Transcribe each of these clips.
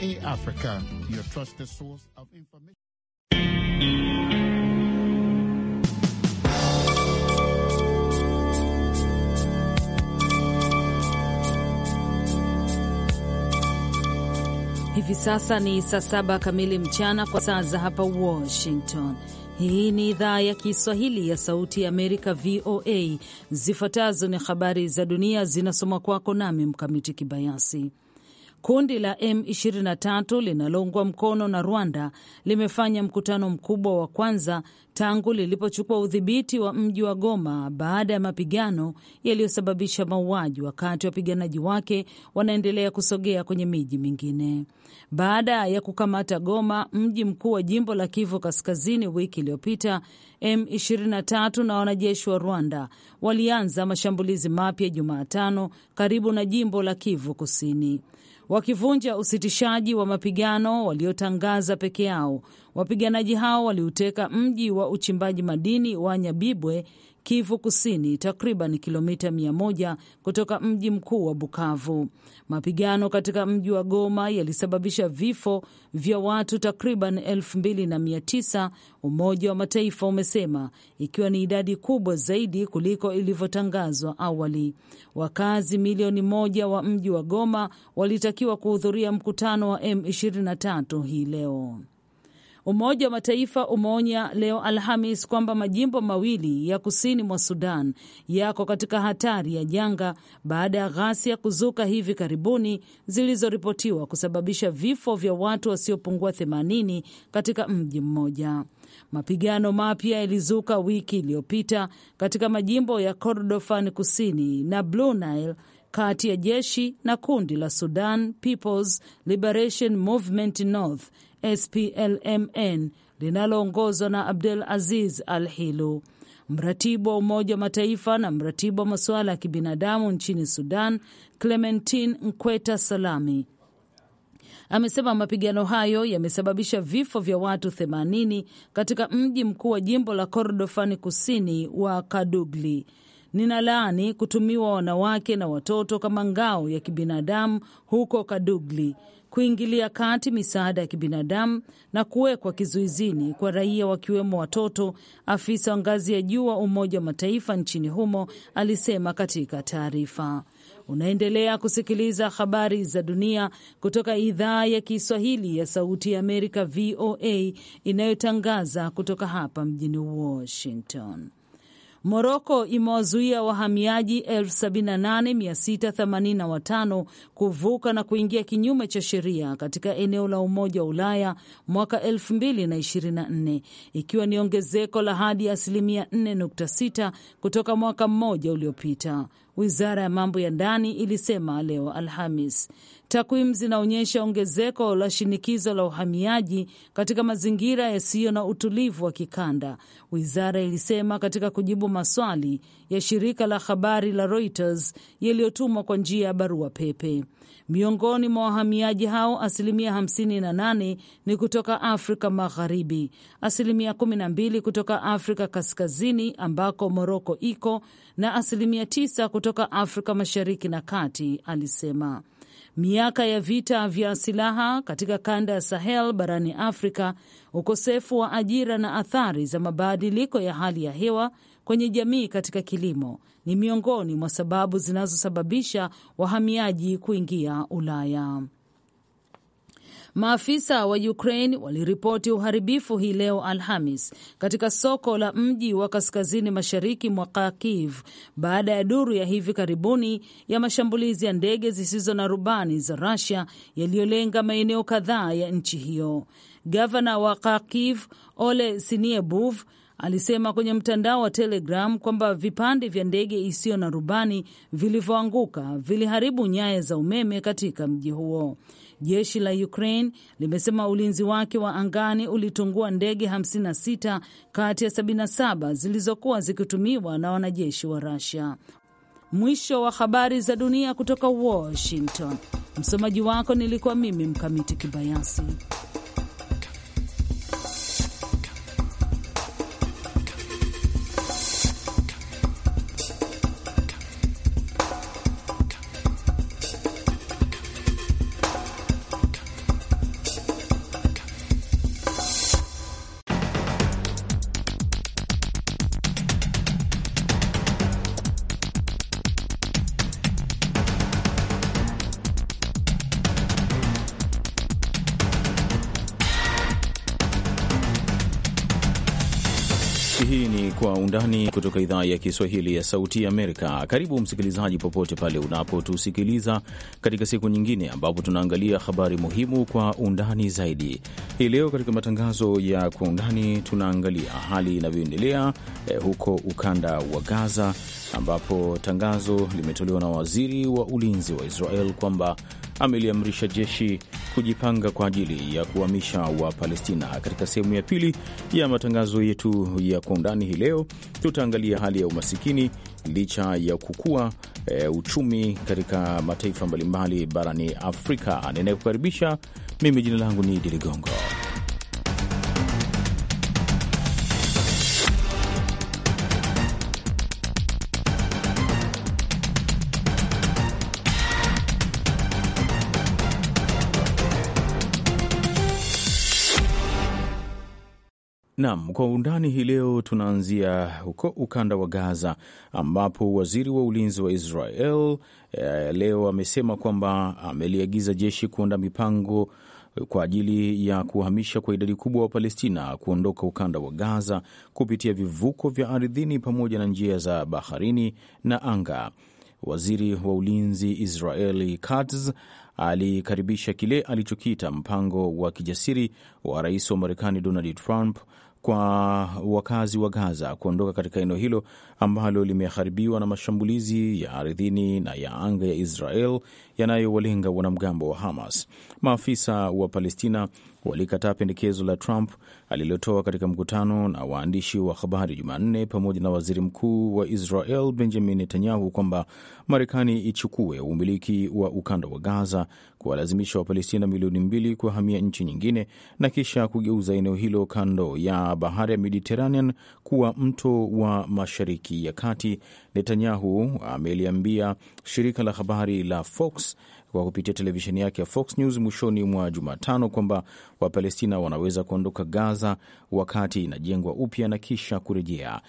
VOA Africa, your trusted source of information. Hivi sasa ni saa saba kamili mchana kwa saa za hapa Washington. Hii ni idhaa ya Kiswahili ya Sauti ya Amerika, VOA. Zifuatazo ni habari za dunia zinasomwa kwako nami Mkamiti Kibayasi. Kundi la M23 linaloungwa mkono na Rwanda limefanya mkutano mkubwa wa kwanza tangu lilipochukua udhibiti wa mji wa Goma baada ya mapigano yaliyosababisha mauaji, wakati wapiganaji wake wanaendelea kusogea kwenye miji mingine. Baada ya kukamata Goma, mji mkuu wa jimbo la Kivu Kaskazini, wiki iliyopita, M23 na wanajeshi wa Rwanda walianza mashambulizi mapya Jumatano karibu na jimbo la Kivu Kusini wakivunja usitishaji wa mapigano waliotangaza peke yao. Wapiganaji hao waliuteka mji wa uchimbaji madini wa Nyabibwe Kivu Kusini, takriban kilomita mia moja kutoka mji mkuu wa Bukavu. Mapigano katika mji wa Goma yalisababisha vifo vya watu takriban elfu mbili na mia tisa, Umoja wa Mataifa umesema, ikiwa ni idadi kubwa zaidi kuliko ilivyotangazwa awali. Wakazi milioni moja wa mji wa Goma walitakiwa kuhudhuria mkutano wa M23 hii leo. Umoja wa Mataifa umeonya leo Alhamis kwamba majimbo mawili ya kusini mwa Sudan yako katika hatari ya janga baada ya ghasia kuzuka hivi karibuni zilizoripotiwa kusababisha vifo vya watu wasiopungua 80 katika mji mmoja. Mapigano mapya yalizuka wiki iliyopita katika majimbo ya Kordofan kusini na Blue Nile kati ya jeshi na kundi la Sudan People's Liberation Movement North SPLMN linaloongozwa na abdul Aziz Al Hilu. Mratibu wa Umoja wa Mataifa na mratibu wa masuala ya kibinadamu nchini Sudan, Clementine Nkweta Salami, amesema mapigano hayo yamesababisha vifo vya watu 80 katika mji mkuu wa jimbo la Kordofani kusini wa Kadugli. Ninalaani kutumiwa wanawake na watoto kama ngao ya kibinadamu huko Kadugli, kuingilia kati misaada ya kibinadamu na kuwekwa kizuizini kwa raia wakiwemo watoto, afisa wa ngazi ya juu wa Umoja wa Mataifa nchini humo alisema katika taarifa. Unaendelea kusikiliza habari za dunia kutoka idhaa ya Kiswahili ya Sauti ya Amerika, VOA, inayotangaza kutoka hapa mjini Washington. Moroko imewazuia wahamiaji 78685 kuvuka na kuingia kinyume cha sheria katika eneo la Umoja wa Ulaya mwaka 2024 ikiwa ni ongezeko la hadi asilimia 4.6 kutoka mwaka mmoja uliopita wizara ya mambo ya ndani ilisema leo Alhamis. Takwimu zinaonyesha ongezeko la shinikizo la uhamiaji katika mazingira yasiyo na utulivu wa kikanda, wizara ilisema katika kujibu maswali ya shirika la habari la Reuters yaliyotumwa kwa njia ya barua pepe. Miongoni mwa wahamiaji hao asilimia 58 ni kutoka Afrika Magharibi, asilimia 12 kutoka Afrika Kaskazini ambako Moroko iko na asilimia 9 kutoka Afrika Mashariki na Kati, alisema. Miaka ya vita vya silaha katika kanda ya Sahel barani Afrika, ukosefu wa ajira na athari za mabadiliko ya hali ya hewa kwenye jamii katika kilimo ni miongoni mwa sababu zinazosababisha wahamiaji kuingia Ulaya. Maafisa wa Ukraine waliripoti uharibifu hii leo Alhamis katika soko la mji wa kaskazini mashariki mwa Kharkiv baada ya duru ya hivi karibuni ya mashambulizi ya ndege zisizo na rubani za Russia yaliyolenga maeneo kadhaa ya nchi hiyo. Gavana wa Kharkiv Ole Siniebuv alisema kwenye mtandao wa Telegram kwamba vipande vya ndege isiyo na rubani vilivyoanguka viliharibu nyaya za umeme katika mji huo. Jeshi la Ukraine limesema ulinzi wake wa angani ulitungua ndege 56 kati ya 77 zilizokuwa zikitumiwa na wanajeshi wa Russia. Mwisho wa habari za dunia kutoka Washington. Msomaji wako nilikuwa mimi Mkamiti Kibayasi. kutoka idhaa ya Kiswahili ya Sauti ya Amerika. Karibu msikilizaji, popote pale unapotusikiliza katika siku nyingine ambapo tunaangalia habari muhimu kwa undani zaidi. Hii leo katika matangazo ya Kwa Undani tunaangalia hali inavyoendelea eh, huko ukanda wa Gaza ambapo tangazo limetolewa na waziri wa ulinzi wa Israel kwamba ameliamrisha jeshi kujipanga kwa ajili ya kuhamisha Wapalestina. Katika sehemu ya pili ya matangazo yetu ya kwa undani hii leo, tutaangalia hali ya umasikini licha ya kukua e, uchumi katika mataifa mbalimbali barani Afrika. Ninayekukaribisha mimi, jina langu ni Idi Ligongo. Naam, kwa undani hii leo tunaanzia huko ukanda wa Gaza ambapo waziri wa ulinzi wa Israel eh, leo amesema kwamba ameliagiza jeshi kuunda mipango kwa ajili ya kuhamisha kwa idadi kubwa wa Palestina kuondoka ukanda wa Gaza kupitia vivuko vya ardhini pamoja na njia za baharini na anga. Waziri wa ulinzi Israeli Katz alikaribisha kile alichokiita mpango wa kijasiri wa rais wa Marekani Donald Trump kwa wakazi wa Gaza kuondoka katika eneo hilo ambalo limeharibiwa na mashambulizi ya ardhini na ya anga ya Israel yanayowalenga wanamgambo wa Hamas. Maafisa wa Palestina walikataa pendekezo la Trump alilotoa katika mkutano na waandishi wa habari Jumanne pamoja na waziri mkuu wa Israel Benjamin Netanyahu kwamba Marekani ichukue umiliki wa ukanda wa Gaza, kuwalazimisha Wapalestina milioni mbili kuhamia nchi nyingine na kisha kugeuza eneo hilo kando ya bahari ya Mediterranean kuwa mto wa Mashariki ya Kati Netanyahu ameliambia shirika la habari la Fox kwa kupitia televisheni yake ya Fox News mwishoni mwa Jumatano kwamba Wapalestina wanaweza kuondoka Gaza wakati inajengwa upya na kisha kurejea.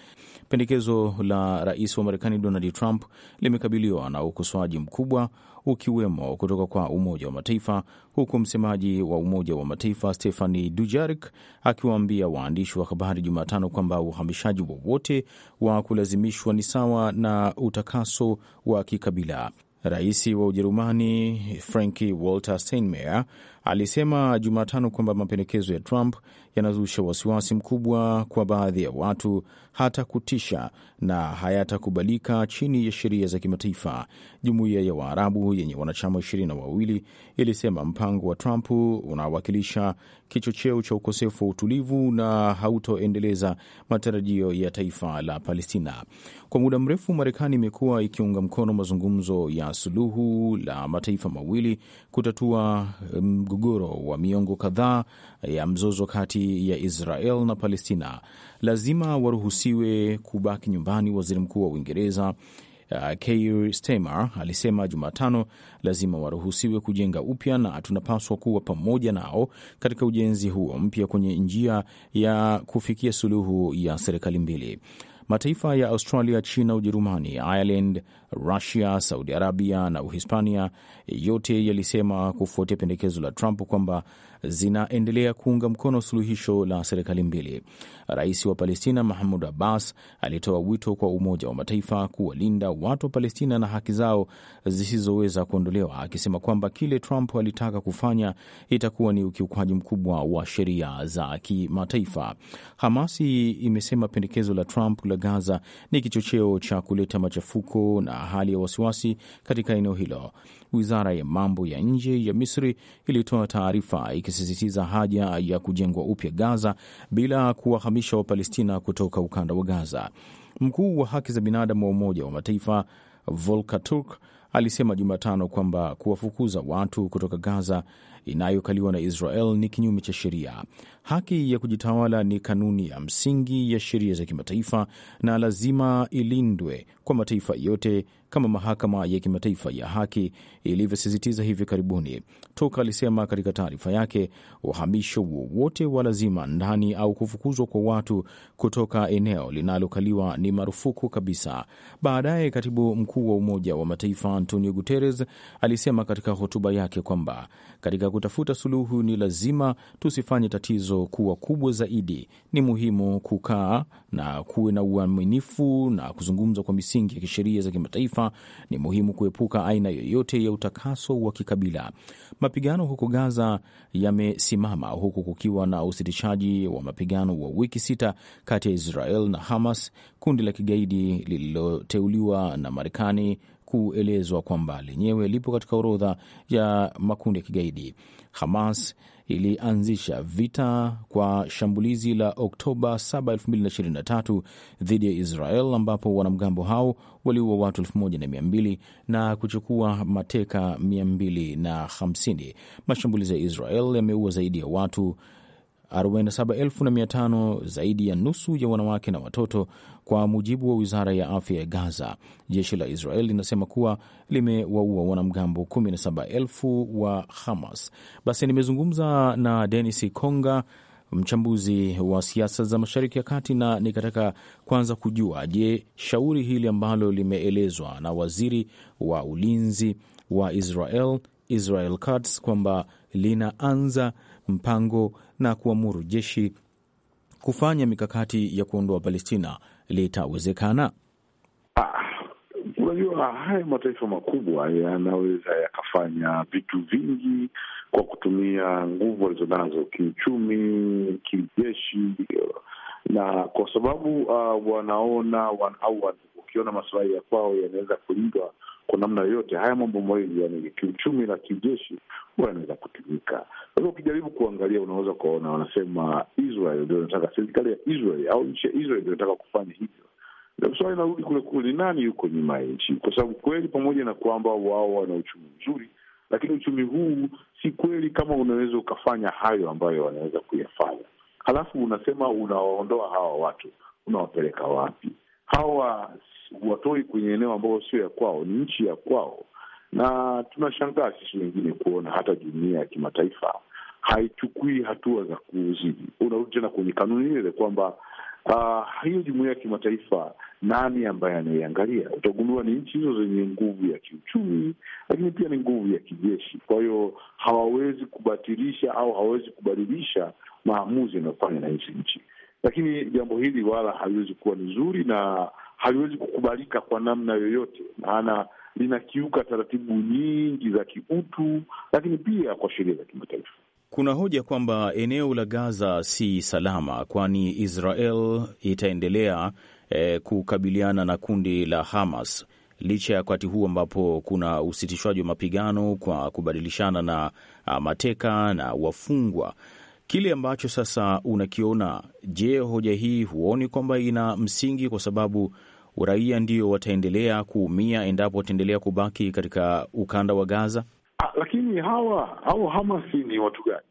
Pendekezo la rais wa Marekani Donald Trump limekabiliwa na ukosoaji mkubwa ukiwemo kutoka kwa Umoja wa Mataifa, huku msemaji wa Umoja wa Mataifa Stephani Dujarik akiwaambia waandishi wa habari Jumatano kwamba uhamishaji wowote wa, wa kulazimishwa ni sawa na utakaso wa kikabila. Rais wa Ujerumani Frank Walter Steinmeier alisema Jumatano kwamba mapendekezo ya Trump yanazusha wasiwasi mkubwa kwa baadhi ya watu, hata kutisha, na hayatakubalika chini ya sheria za kimataifa. Jumuiya ya Waarabu yenye wanachama ishirini na wawili ilisema mpango wa Trump unawakilisha kichocheo cha ukosefu wa utulivu na hautoendeleza matarajio ya taifa la Palestina. Kwa muda mrefu, Marekani imekuwa ikiunga mkono mazungumzo ya suluhu la mataifa mawili kutatua mm, mgogoro wa miongo kadhaa ya mzozo kati ya Israel na Palestina lazima waruhusiwe kubaki nyumbani. Waziri Mkuu wa Uingereza Uh, Keir Starmer alisema Jumatano, lazima waruhusiwe kujenga upya na tunapaswa kuwa pamoja nao katika ujenzi huo mpya kwenye njia ya kufikia suluhu ya serikali mbili. Mataifa ya Australia, China, Ujerumani, Ireland, Rusia, Saudi Arabia na Uhispania yote yalisema kufuatia pendekezo la Trump kwamba zinaendelea kuunga mkono suluhisho la serikali mbili. Rais wa Palestina Mahmud Abbas alitoa wito kwa Umoja wa Mataifa kuwalinda watu wa Palestina na haki zao zisizoweza kuondolewa, akisema kwamba kile Trump alitaka kufanya itakuwa ni ukiukwaji mkubwa wa sheria za kimataifa. Hamasi imesema pendekezo la Trump la Gaza ni kichocheo cha kuleta machafuko na hali ya wasiwasi katika eneo hilo. Wizara ya mambo ya nje ya Misri ilitoa taarifa akisisitiza haja ya kujengwa upya Gaza bila kuwahamisha Wapalestina kutoka ukanda wa Gaza. Mkuu wa haki za binadamu wa Umoja wa Mataifa Volker Turk alisema Jumatano kwamba kuwafukuza watu kutoka Gaza inayokaliwa na Israel ni kinyume cha sheria. Haki ya kujitawala ni kanuni ya msingi ya sheria za kimataifa na lazima ilindwe kwa mataifa yote kama mahakama ya kimataifa ya haki ilivyosisitiza hivi karibuni. Toka alisema katika taarifa yake, uhamisho wowote wa lazima ndani au kufukuzwa kwa watu kutoka eneo linalokaliwa ni marufuku kabisa. Baadaye katibu mkuu wa Umoja wa Mataifa Antonio Guterres alisema katika hotuba yake kwamba katika kutafuta suluhu ni lazima tusifanye tatizo kuwa kubwa zaidi. Ni muhimu kukaa na kuwe na uaminifu na kuzungumza kwa misingi ya kisheria za kimataifa kimataifa, ni muhimu kuepuka aina yoyote ya utakaso wa kikabila. Mapigano huko Gaza yamesimama huku kukiwa na usitishaji wa mapigano wa wiki sita kati ya Israel na Hamas, kundi la kigaidi lililoteuliwa na Marekani kuelezwa kwamba lenyewe lipo katika orodha ya makundi ya kigaidi. Hamas ilianzisha vita kwa shambulizi la Oktoba 7, 2023 dhidi ya Israel ambapo wanamgambo hao waliua watu 1200 na kuchukua mateka 250. Mashambulizi ya Israel yameua zaidi ya watu 47,500 zaidi ya nusu ya wanawake na watoto, kwa mujibu wa wizara ya afya ya Gaza. Jeshi la Israel linasema kuwa limewaua wanamgambo 17,000 wa Hamas. Basi nimezungumza na Denis Konga, mchambuzi wa siasa za Mashariki ya Kati, na nikataka kwanza kujua, je, shauri hili ambalo limeelezwa na waziri wa ulinzi wa Israel Israel Katz kwamba linaanza mpango na kuamuru jeshi kufanya mikakati ya kuondoa Palestina litawezekana? Ah, unajua, haya mataifa makubwa yanaweza yakafanya vitu vingi kwa kutumia nguvu walizonazo kiuchumi, kijeshi, na kwa sababu uh, wanaona wan, au ukiona masilahi ya kwao yanaweza kulindwa kwa namna yoyote. Haya mambo mawili yani kiuchumi na kijeshi huwa yanaweza kutumika. Sasa ukijaribu kuangalia, unaweza ukaona wanasema Israel ndio inataka, serikali ya Israel au nchi ya Israel ndio inataka kufanya hivyo. Swali inarudi kule kule, ni nani yuko nyuma ya nchi? Kwa sababu kweli, pamoja na kwamba wao wana uchumi mzuri, lakini uchumi huu si kweli kama unaweza ukafanya hayo ambayo wanaweza kuyafanya, halafu unasema unawaondoa hawa watu, unawapeleka wapi? hawa watoi kwenye eneo ambao sio ya kwao, ni nchi ya kwao, na tunashangaa sisi wengine kuona hata jumuia ya kimataifa haichukui hatua za kuzidi. Unarudi tena kwenye kanuni ile kwamba uh, hiyo jumuia ya kimataifa nani ambaye anaiangalia? Utagundua ni nchi hizo zenye nguvu ya kiuchumi, lakini pia ni nguvu ya kijeshi. Kwa hiyo hawawezi kubatilisha au hawawezi kubadilisha maamuzi yanayofanywa na hizi nchi lakini jambo hili wala haliwezi kuwa ni zuri na haliwezi kukubalika kwa namna yoyote, maana linakiuka taratibu nyingi za kiutu, lakini pia kwa sheria za kimataifa. Kuna hoja kwamba eneo la Gaza si salama, kwani Israel itaendelea eh, kukabiliana na kundi la Hamas licha ya wakati huu ambapo kuna usitishwaji wa mapigano kwa kubadilishana na ah, mateka na wafungwa kile ambacho sasa unakiona. Je, hoja hii huoni kwamba ina msingi, kwa sababu raia ndio wataendelea kuumia endapo wataendelea kubaki katika ukanda wa Gaza? A, ah, lakini hawa au Hamasi ni watu gani?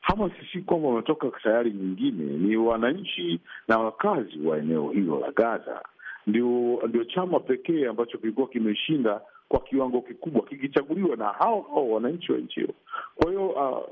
Hamasi si kwamba wametoka sayari nyingine, ni wananchi na wakazi wa eneo hilo la Gaza. Ndio, ndio chama pekee ambacho kilikuwa kimeshinda kwa kiwango kikubwa kikichaguliwa na hao hao wananchi wa nchi hiyo. Kwa hiyo uh,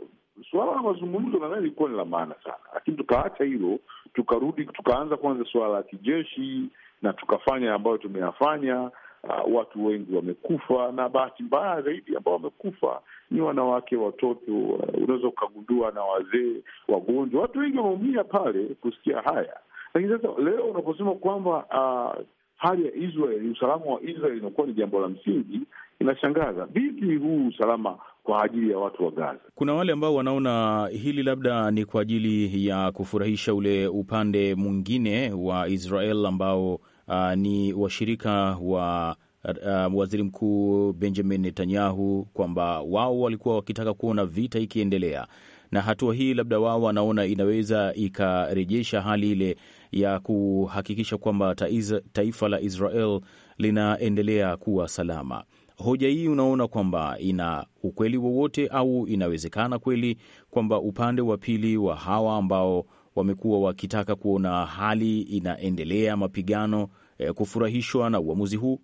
suala la mazungumzo nadhani ilikuwa ni la maana sana, lakini tukaacha hilo, tukarudi tukaanza kwanza suala la kijeshi na tukafanya ambayo tumeyafanya. Uh, watu wengi wamekufa, na bahati mbaya zaidi ambao wamekufa ni wanawake, watoto, uh, unaweza ukagundua na wazee, wagonjwa, watu wengi wameumia pale kusikia haya. Lakini sasa leo unaposema kwamba uh, hali ya Israel, usalama wa Israel inakuwa ni jambo la msingi, inashangaza vipi huu usalama kwa ajili ya watu wa Gaza. Kuna wale ambao wanaona hili labda ni kwa ajili ya kufurahisha ule upande mwingine wa Israel ambao uh, ni washirika wa uh, waziri mkuu Benjamin Netanyahu, kwamba wao walikuwa wakitaka kuona vita ikiendelea, na hatua hii labda wao wanaona inaweza ikarejesha hali ile ya kuhakikisha kwamba taifa la Israel linaendelea kuwa salama hoja hii unaona kwamba ina ukweli wowote au inawezekana kweli kwamba upande wa pili wa hawa ambao wamekuwa wakitaka kuona hali inaendelea mapigano eh, kufurahishwa na uamuzi huu?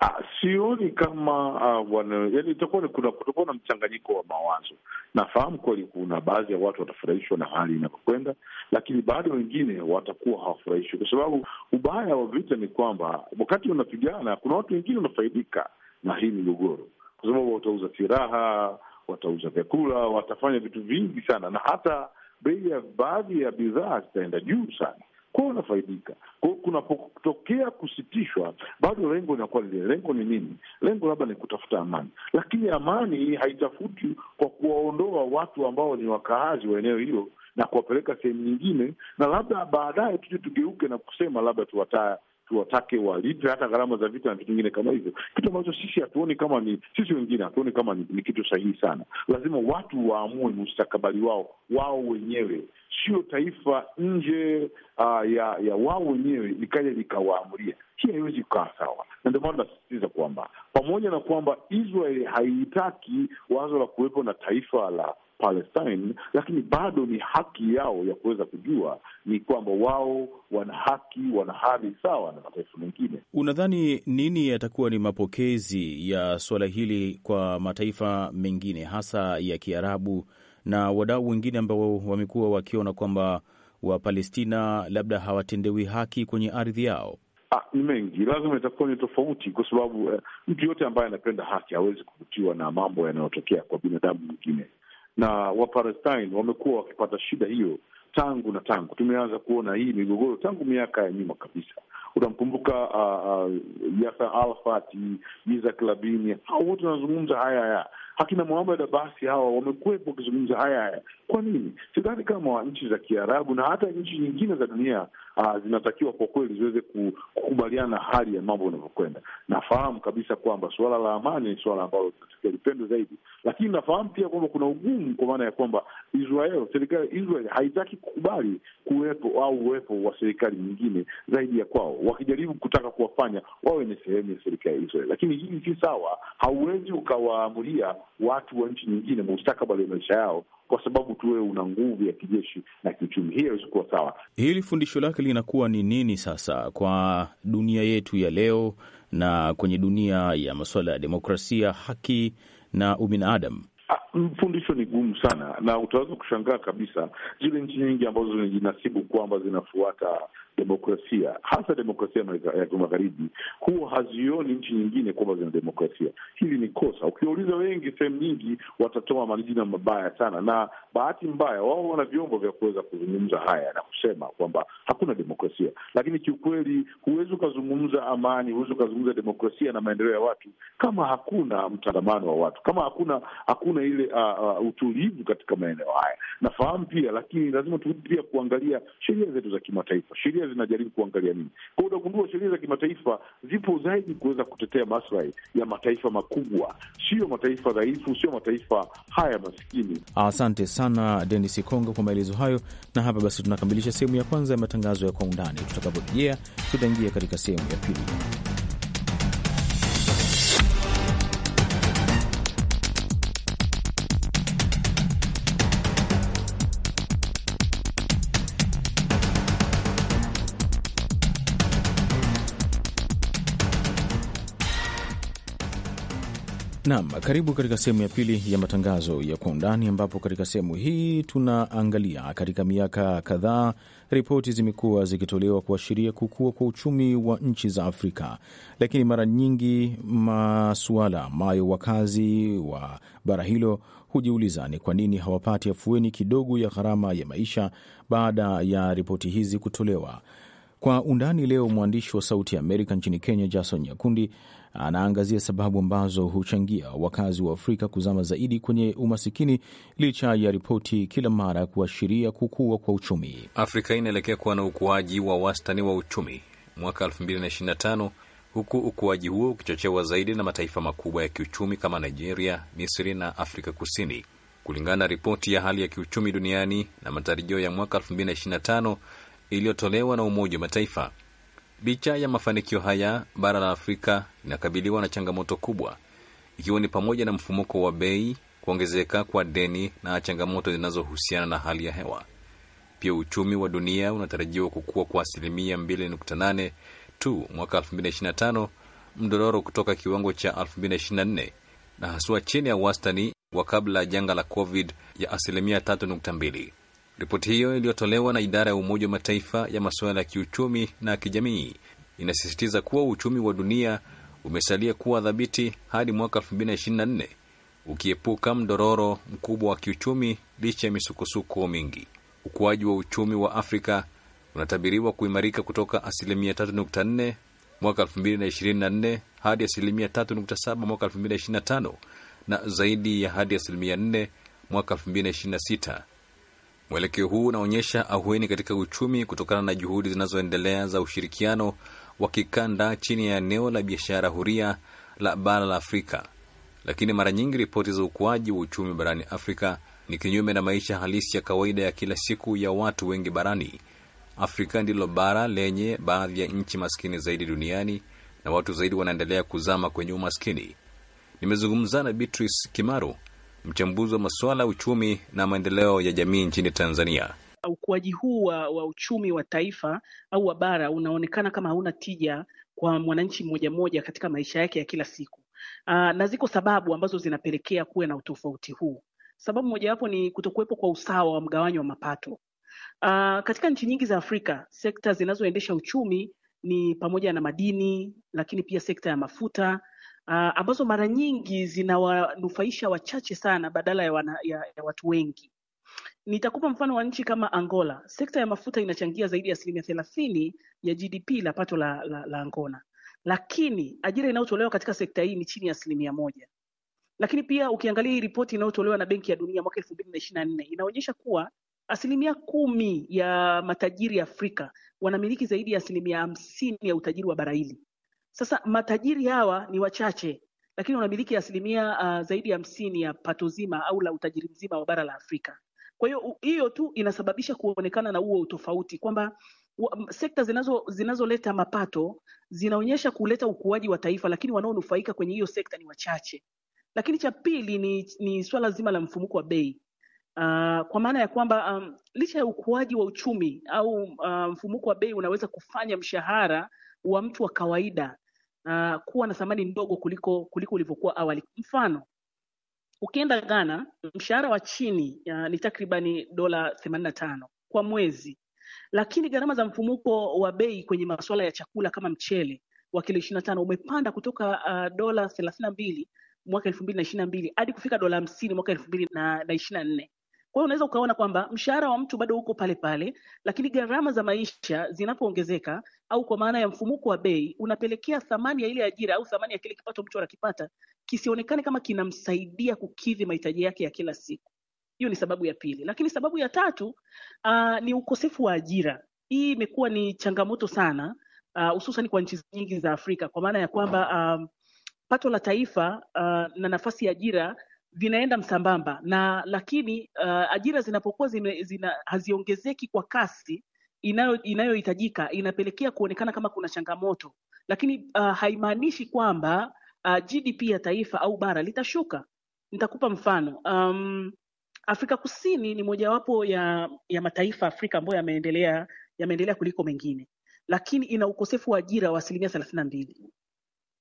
Ah, sioni kama ah, wana yani itakuwa ni kuna kutakuwa na mchanganyiko wa mawazo. Nafahamu kweli kuna baadhi ya watu watafurahishwa na hali inavyokwenda, lakini bado wengine watakuwa hawafurahishwi, kwa sababu ubaya wa vita ni kwamba wakati unapigana, kuna watu wengine wanafaidika na hii migogoro, kwa sababu watauza silaha, watauza vyakula, watafanya vitu vingi sana, na hata bei ya baadhi ya bidhaa zitaenda juu sana kwao, wanafaidika kwao. Kunapotokea kusitishwa, bado lengo linakuwa lile. Lengo ni nini? Lengo labda ni kutafuta amani, lakini amani haitafuti kwa kuwaondoa watu ambao ni wakaazi wa eneo hilo na kuwapeleka sehemu nyingine, na labda baadaye tuje tugeuke na kusema labda tuwataa tuwatake walipe hata gharama za vita na vitu vingine kama hivyo, kitu ambacho sisi hatuoni kama ni sisi wengine hatuoni kama ni, ni kitu sahihi sana. Lazima watu waamue mustakabali wao wao wenyewe, sio taifa nje uh, ya ya wao wenyewe likaja likawaamulia. Hii haiwezi kukaa sawa, na ndio maana nasisitiza kwamba pamoja na kwamba Israel haitaki wazo la kuwepo na taifa la Palestine, lakini bado ni haki yao ya kuweza kujua ni kwamba wao wana haki, wana hadhi sawa na mataifa mengine. Unadhani nini yatakuwa ni mapokezi ya suala hili kwa mataifa mengine hasa ya Kiarabu na wadau wengine ambao wamekuwa wakiona kwamba Wapalestina labda hawatendewi haki kwenye ardhi yao? Ah, ni mengi, lazima itakuwa ni tofauti, kwa sababu eh, mtu yote ambaye anapenda haki hawezi kuvutiwa na mambo yanayotokea kwa binadamu mwingine na Wapalestine wamekuwa wakipata shida hiyo tangu na tangu. Tumeanza kuona hii migogoro tangu miaka ya nyuma kabisa. Utamkumbuka uh, uh, Yasser Arafat, Yitzhak Rabin, hao wote wanazungumza haya haya. Hakina Muhammad Abasi, hawa wamekuwepo wakizungumza haya haya. Kwa nini? Sidhani kama nchi za Kiarabu na hata nchi nyingine za dunia uh, zinatakiwa kwa kweli ziweze kukubaliana na hali ya mambo inavyokwenda Nafahamu kabisa kwamba suala la amani ni suala ambalo linatakiwa lipendwe zaidi, lakini nafahamu pia kwamba kuna ugumu, kwa maana ya kwamba Israel, serikali ya Israel haitaki kukubali kuwepo au uwepo wa serikali nyingine zaidi ya kwao, wakijaribu kutaka kuwafanya wawe ni sehemu ya serikali ya Israel, lakini hii si sawa. Hauwezi ukawaamulia watu wa nchi nyingine mustakabali wa maisha yao kwa sababu tu wewe una nguvu ya kijeshi na kiuchumi. Hii haiwezi kuwa sawa. Hili fundisho lake linakuwa ni nini sasa kwa dunia yetu ya leo na kwenye dunia ya masuala ya demokrasia, haki na ubinadamu? Mfundisho ah, ni gumu sana, na utaweza kushangaa kabisa zile nchi nyingi ambazo zinajinasibu kwamba zinafuata demokrasia, hasa demokrasia ya kimagharibi, huwa hazioni nchi nyingine kwamba zina demokrasia. Hili ni kosa. Ukiwauliza wengi, sehemu nyingi watatoa majina mabaya sana, na bahati mbaya wao wana vyombo vya kuweza kuzungumza haya na kusema kwamba hakuna demokrasia, lakini kiukweli, huwezi ukazungumza amani, huwezi ukazungumza demokrasia na maendeleo ya watu kama hakuna mtandamano wa watu, kama hakuna hakuna ile uh, uh, utulivu katika maeneo haya. Nafahamu pia, lakini lazima turudi pia kuangalia sheria zetu za kimataifa, sheria sheria zinajaribu kuangalia nini. Kwa hiyo unagundua sheria za kimataifa zipo zaidi kuweza kutetea maslahi ya mataifa makubwa, sio mataifa dhaifu, sio mataifa haya masikini Asante sana Denis Konga kwa maelezo hayo, na hapa basi tunakamilisha sehemu ya kwanza ya matangazo ya Kwa Undani. Tutakaporejea tutaingia katika sehemu ya pili. Naam, karibu katika sehemu ya pili ya matangazo ya kwa undani, ambapo katika sehemu hii tunaangalia, katika miaka kadhaa ripoti zimekuwa zikitolewa kuashiria kukua kwa uchumi wa nchi za Afrika, lakini mara nyingi masuala ambayo wakazi wa bara hilo hujiuliza ni kwa nini hawapati afueni kidogo ya gharama ya maisha baada ya ripoti hizi kutolewa. Kwa undani leo, mwandishi wa Sauti ya Amerika nchini Kenya, Jason Nyakundi anaangazia sababu ambazo huchangia wakazi wa Afrika kuzama zaidi kwenye umasikini licha ya ripoti kila mara kuashiria kukua kwa uchumi. Afrika inaelekea kuwa na ukuaji wa wastani wa uchumi mwaka 2025 huku ukuaji huo ukichochewa zaidi na mataifa makubwa ya kiuchumi kama Nigeria, Misri na Afrika Kusini. Kulingana na ripoti ya hali ya kiuchumi duniani na matarajio ya mwaka 2025 iliyotolewa na Umoja wa Mataifa, Licha ya mafanikio haya, bara la Afrika linakabiliwa na changamoto kubwa, ikiwa ni pamoja na mfumuko wa bei, kuongezeka kwa deni na changamoto zinazohusiana na hali ya hewa. Pia uchumi wa dunia unatarajiwa kukua kwa asilimia 2.8 tu mwaka 2025, mdororo kutoka kiwango cha 2024 na haswa chini ya wastani wa kabla ya janga la COVID ya asilimia 3.2. Ripoti hiyo iliyotolewa na idara ya Umoja wa Mataifa ya masuala ya kiuchumi na kijamii inasisitiza kuwa uchumi wa dunia umesalia kuwa thabiti hadi mwaka 2024 ukiepuka mdororo mkubwa wa kiuchumi licha ya misukosuko mingi. Ukuaji wa uchumi wa Afrika unatabiriwa kuimarika kutoka asilimia 3.4 mwaka 2024 hadi asilimia 3.7 mwaka 2025 na zaidi ya hadi asilimia 4 mwaka 2026. Mwelekeo huu unaonyesha ahueni katika uchumi kutokana na juhudi zinazoendelea za ushirikiano wa kikanda chini ya eneo la biashara huria la bara la Afrika. Lakini mara nyingi ripoti za ukuaji wa uchumi barani Afrika ni kinyume na maisha halisi ya kawaida ya kila siku ya watu wengi barani Afrika. Ndilo bara lenye baadhi ya nchi maskini zaidi duniani na watu zaidi wanaendelea kuzama kwenye umaskini. Nimezungumza na Beatrice Kimaro mchambuzi wa masuala ya uchumi na maendeleo ya jamii nchini Tanzania. Ukuaji huu wa, wa uchumi wa taifa au wa bara unaonekana kama hauna tija kwa mwananchi mmoja mmoja katika maisha yake ya kila siku. Aa, ah, na ziko sababu ambazo zinapelekea kuwe na utofauti huu. Sababu mojawapo ni kutokuwepo kwa usawa wa mgawanyo wa mapato. Uh, katika nchi nyingi za Afrika sekta zinazoendesha uchumi ni pamoja na madini, lakini pia sekta ya mafuta uh, ambazo mara nyingi zinawanufaisha wachache sana badala ya, wana, ya, ya watu wengi. Nitakupa mfano wa nchi kama Angola. Sekta ya mafuta inachangia zaidi ya asilimia thelathini ya GDP la pato la, la, la Angola, lakini ajira inayotolewa katika sekta hii ni chini ya asilimia moja. Lakini pia ukiangalia hii ripoti inayotolewa na Benki ya Dunia mwaka elfu mbili na ishiri na nne inaonyesha kuwa asilimia kumi ya matajiri Afrika wanamiliki zaidi ya asilimia hamsini ya utajiri wa bara hili. Sasa matajiri hawa ni wachache, lakini wanamiliki asilimia uh, zaidi ya hamsini ya pato zima au la utajiri mzima wa bara la Afrika. Kwa hiyo hiyo tu inasababisha kuonekana na huo utofauti kwamba sekta zinazo zinazoleta mapato zinaonyesha kuleta ukuaji wa taifa, lakini wanaonufaika kwenye hiyo sekta ni wachache. Lakini cha pili ni, ni swala zima la mfumuko wa bei uh, kwa maana ya kwamba um, licha ya ukuaji wa uchumi au uh, mfumuko wa bei unaweza kufanya mshahara wa mtu wa kawaida uh, kuwa na thamani ndogo kuliko kuliko ulivyokuwa awali. Mfano, ukienda Ghana mshahara wa chini uh, ni takribani dola themanini na tano kwa mwezi, lakini gharama za mfumuko wa bei kwenye masuala ya chakula kama mchele wa kilo ishirini na tano umepanda kutoka uh, dola thelathini na mbili mwaka elfu mbili na ishirini na mbili hadi kufika dola hamsini mwaka elfu mbili na ishirini na nne kwa hiyo unaweza ukaona kwamba mshahara wa mtu bado uko pale pale, lakini gharama za maisha zinapoongezeka au kwa maana ya mfumuko wa bei unapelekea thamani ya ile ajira au thamani ya kile kipato mtu anakipata kisionekane kama kinamsaidia kukidhi mahitaji yake ya kila siku. Hiyo ni sababu ya pili, lakini sababu ya tatu uh, ni ukosefu wa ajira. Hii imekuwa ni changamoto sana hususan uh, kwa nchi nyingi za Afrika kwa maana ya kwamba uh, pato la taifa uh, na nafasi ya ajira zinaenda msambamba na lakini uh, ajira zinapokuwa zina, zina, haziongezeki kwa kasi inayohitajika inayo inapelekea kuonekana kama kuna changamoto, lakini uh, haimaanishi kwamba uh, GDP ya taifa au bara litashuka. Nitakupa mfano um, Afrika Kusini ni mojawapo ya, ya mataifa Afrika ambayo yameendelea yameendelea kuliko mengine, lakini ina ukosefu wa ajira wa asilimia thelathini na mbili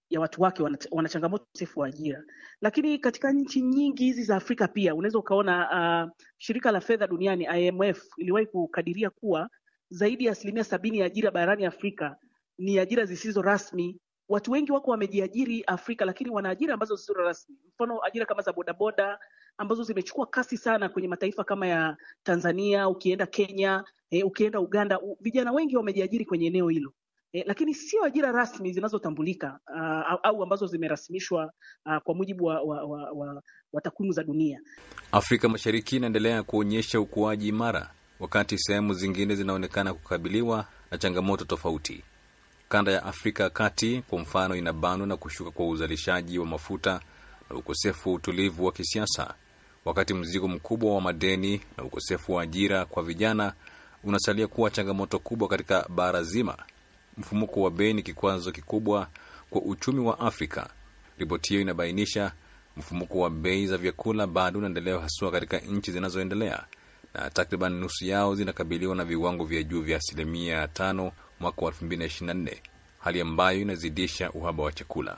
ya watu wake wana changamoto sefu wa ajira, lakini katika nchi nyingi hizi za Afrika pia unaweza ukaona uh, shirika la fedha duniani IMF iliwahi kukadiria kuwa zaidi ya asilimia sabini ya ajira barani Afrika ni ajira zisizo rasmi. Watu wengi wako wamejiajiri Afrika, lakini wana ajira ambazo zisizo rasmi, mfano ajira kama za bodaboda ambazo zimechukua kasi sana kwenye mataifa kama ya Tanzania, ukienda Kenya, eh, ukienda Uganda, vijana wengi wamejiajiri kwenye eneo hilo. E, lakini sio ajira rasmi zinazotambulika uh, au ambazo zimerasimishwa uh, kwa mujibu wa, wa, wa, wa, wa takwimu za dunia. Afrika Mashariki inaendelea kuonyesha ukuaji imara, wakati sehemu zingine zinaonekana kukabiliwa na changamoto tofauti. Kanda ya Afrika ya Kati kwa mfano inabanwa na kushuka kwa uzalishaji wa mafuta na ukosefu wa utulivu wa kisiasa, wakati mzigo mkubwa wa madeni na ukosefu wa ajira kwa vijana unasalia kuwa changamoto kubwa katika bara zima mfumuko wa bei ni kikwazo kikubwa kwa uchumi wa Afrika. Ripoti hiyo inabainisha mfumuko wa bei za vyakula bado unaendelea haswa katika nchi zinazoendelea na takriban nusu yao zinakabiliwa na viwango vya juu vya asilimia tano mwaka wa 2024, hali ambayo inazidisha uhaba wa chakula.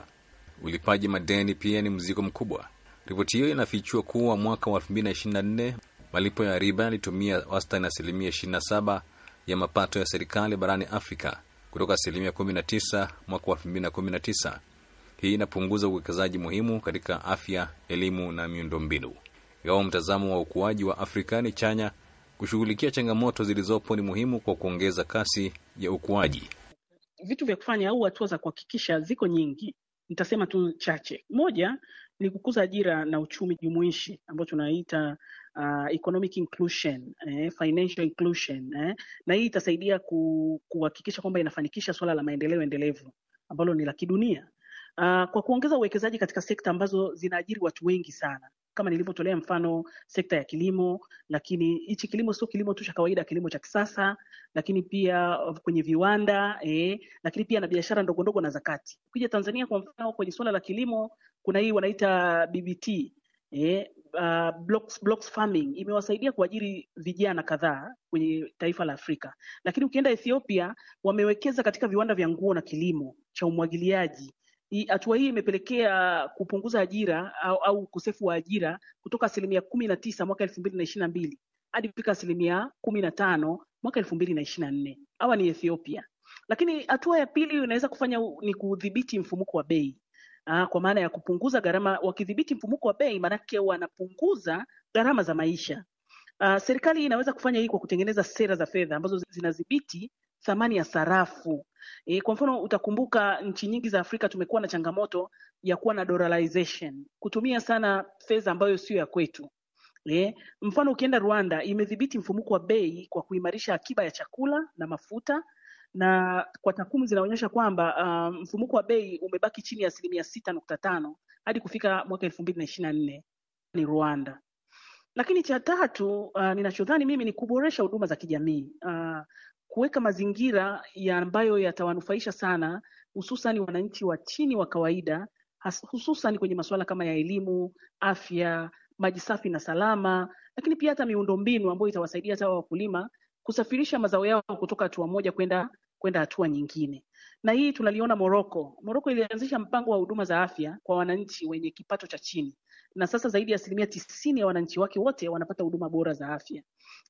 Ulipaji madeni pia ni mzigo mkubwa. Ripoti hiyo inafichua kuwa mwaka wa 2024 malipo ya riba yalitumia wastani asilimia 27 ya mapato ya serikali barani Afrika, kutoka asilimia 19 mwaka wa 2019. Hii inapunguza uwekezaji muhimu katika afya, elimu na miundombinu. Ingawa mtazamo wa ukuaji wa Afrika ni chanya, kushughulikia changamoto zilizopo ni muhimu kwa kuongeza kasi ya ukuaji. Vitu vya kufanya au hatua za kuhakikisha ziko nyingi, nitasema tu chache. Moja ni kukuza ajira na uchumi jumuishi ambao tunaita uh, economic inclusion, eh, financial inclusion eh, na hii itasaidia ku, kuhakikisha kwamba inafanikisha suala la maendeleo endelevu ambalo ni la kidunia uh, kwa kuongeza uwekezaji katika sekta ambazo zinaajiri watu wengi sana kama nilivyotolea mfano sekta ya kilimo, lakini hichi kilimo sio kilimo tu cha kawaida, kilimo cha kisasa, lakini pia uh, kwenye viwanda eh, lakini pia na biashara ndogondogo na zakati. Ukija Tanzania kwa mfano, kwenye suala la kilimo kuna hii wanaita BBT eh, uh, blocks, blocks farming imewasaidia kuajiri vijana kadhaa kwenye taifa la Afrika. Lakini ukienda Ethiopia wamewekeza katika viwanda vya nguo na kilimo cha umwagiliaji. Hatua hii imepelekea kupunguza ajira au, au ukosefu wa ajira kutoka asilimia kumi na tisa mwaka elfu mbili na ishirini na mbili hadi kufika asilimia kumi na tano mwaka elfu mbili na ishirini na nne Hawa ni Ethiopia. Lakini hatua ya pili unaweza kufanya ni kudhibiti mfumuko wa bei aa, ah, kwa maana ya kupunguza gharama. Wakidhibiti mfumuko wa bei, maanake wanapunguza gharama za maisha. Aa, ah, serikali inaweza kufanya hii kwa kutengeneza sera za fedha ambazo zinadhibiti thamani ya sarafu. E, kwa mfano utakumbuka nchi nyingi za Afrika tumekuwa na changamoto ya kuwa na dollarization, kutumia sana fedha ambayo sio ya kwetu. E, mfano ukienda Rwanda imedhibiti mfumuko wa bei kwa kuimarisha akiba ya chakula na mafuta na kwa takwimu zinaonyesha kwamba uh, mfumuko wa bei umebaki chini ya asilimia sita nukta tano hadi kufika mwaka elfu mbili na ishiri na nne ni Rwanda. Lakini cha tatu uh, ninachodhani mimi ni kuboresha huduma za kijamii uh, kuweka mazingira ya ambayo yatawanufaisha sana hususan wananchi wa chini wa kawaida, hususan kwenye masuala kama ya elimu, afya, maji safi na salama, lakini pia hata mbinu ambayo itawasaidia hata wakulima kusafirisha mazao yao kutoka hatua moja kwenda kwenda hatua nyingine. Na hii tunaliona Moroko. Moroko ilianzisha mpango wa huduma za afya kwa wananchi wenye kipato cha chini, na sasa zaidi ya asilimia tisini ya wananchi wake wote wanapata huduma bora za afya.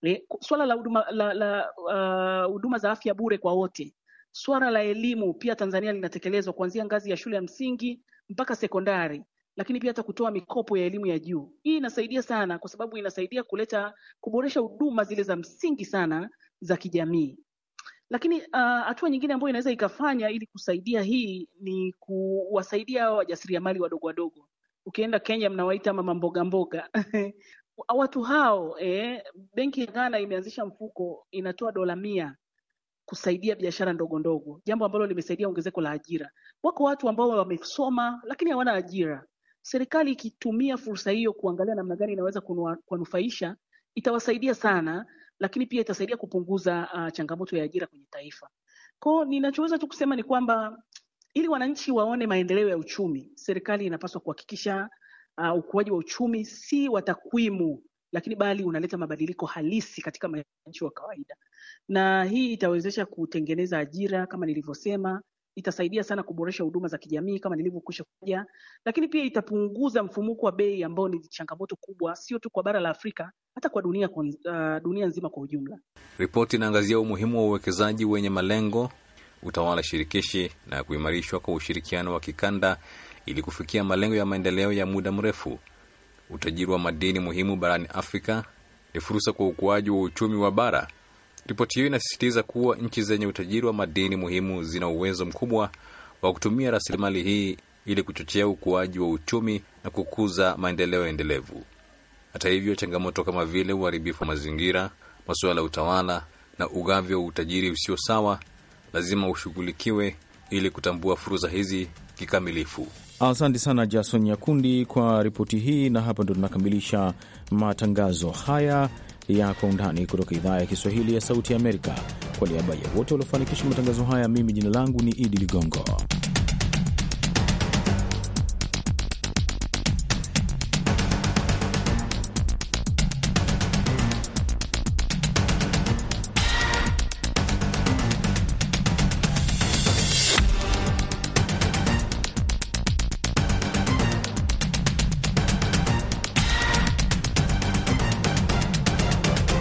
E, swala la huduma la, la, uh, za afya bure kwa wote, swala la elimu pia Tanzania linatekelezwa kuanzia ngazi ya shule ya msingi mpaka sekondari lakini pia hata kutoa mikopo ya elimu ya juu. Hii inasaidia sana, kwa sababu inasaidia kuleta kuboresha huduma zile za msingi sana za kijamii. Lakini ah, hatua uh, nyingine ambayo inaweza ikafanya ili kusaidia hii ni kuwasaidia wajasiriamali wadogo wadogo. Ukienda Kenya mnawaita mama mboga mboga watu hao eh, benki ya Ghana imeanzisha mfuko inatoa dola mia kusaidia biashara ndogo ndogo, jambo ambalo limesaidia ongezeko la ajira. Wako watu ambao wamesoma lakini hawana ajira, serikali ikitumia fursa hiyo kuangalia namna gani inaweza kuwanufaisha itawasaidia sana, lakini pia itasaidia kupunguza uh, changamoto ya ajira kwenye taifa. Kwao ninachoweza tu kusema ni kwamba ili wananchi waone maendeleo ya uchumi, serikali inapaswa kuhakikisha uh, ukuaji wa uchumi si wa takwimu, lakini bali unaleta mabadiliko halisi katika wananchi wa kawaida, na hii itawezesha kutengeneza ajira kama nilivyosema, itasaidia sana kuboresha huduma za kijamii kama nilivyokwisha kuja, lakini pia itapunguza mfumuko wa bei ambao ni changamoto kubwa, sio tu kwa bara la Afrika, hata kwa dunia, kwa, uh, dunia nzima kwa ujumla. Ripoti inaangazia umuhimu wa uwekezaji wenye malengo, utawala shirikishi na kuimarishwa kwa ushirikiano wa kikanda ili kufikia malengo ya maendeleo ya muda mrefu. Utajiri wa madini muhimu barani Afrika ni fursa kwa ukuaji wa uchumi wa bara Ripoti hiyo inasisitiza kuwa nchi zenye utajiri wa madini muhimu zina uwezo mkubwa wa kutumia rasilimali hii ili kuchochea ukuaji wa uchumi na kukuza maendeleo endelevu. Hata hivyo, changamoto kama vile uharibifu wa mazingira, masuala ya utawala na ugavi wa utajiri usio sawa lazima ushughulikiwe ili kutambua fursa hizi kikamilifu. Asante sana Jason Nyakundi kwa ripoti hii, na hapa ndo tunakamilisha matangazo haya ya Kwa Undani kutoka idhaa ya Kiswahili ya Sauti ya Amerika. Kwa niaba ya wote waliofanikisha matangazo haya, mimi jina langu ni Idi Ligongo.